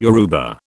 Yoruba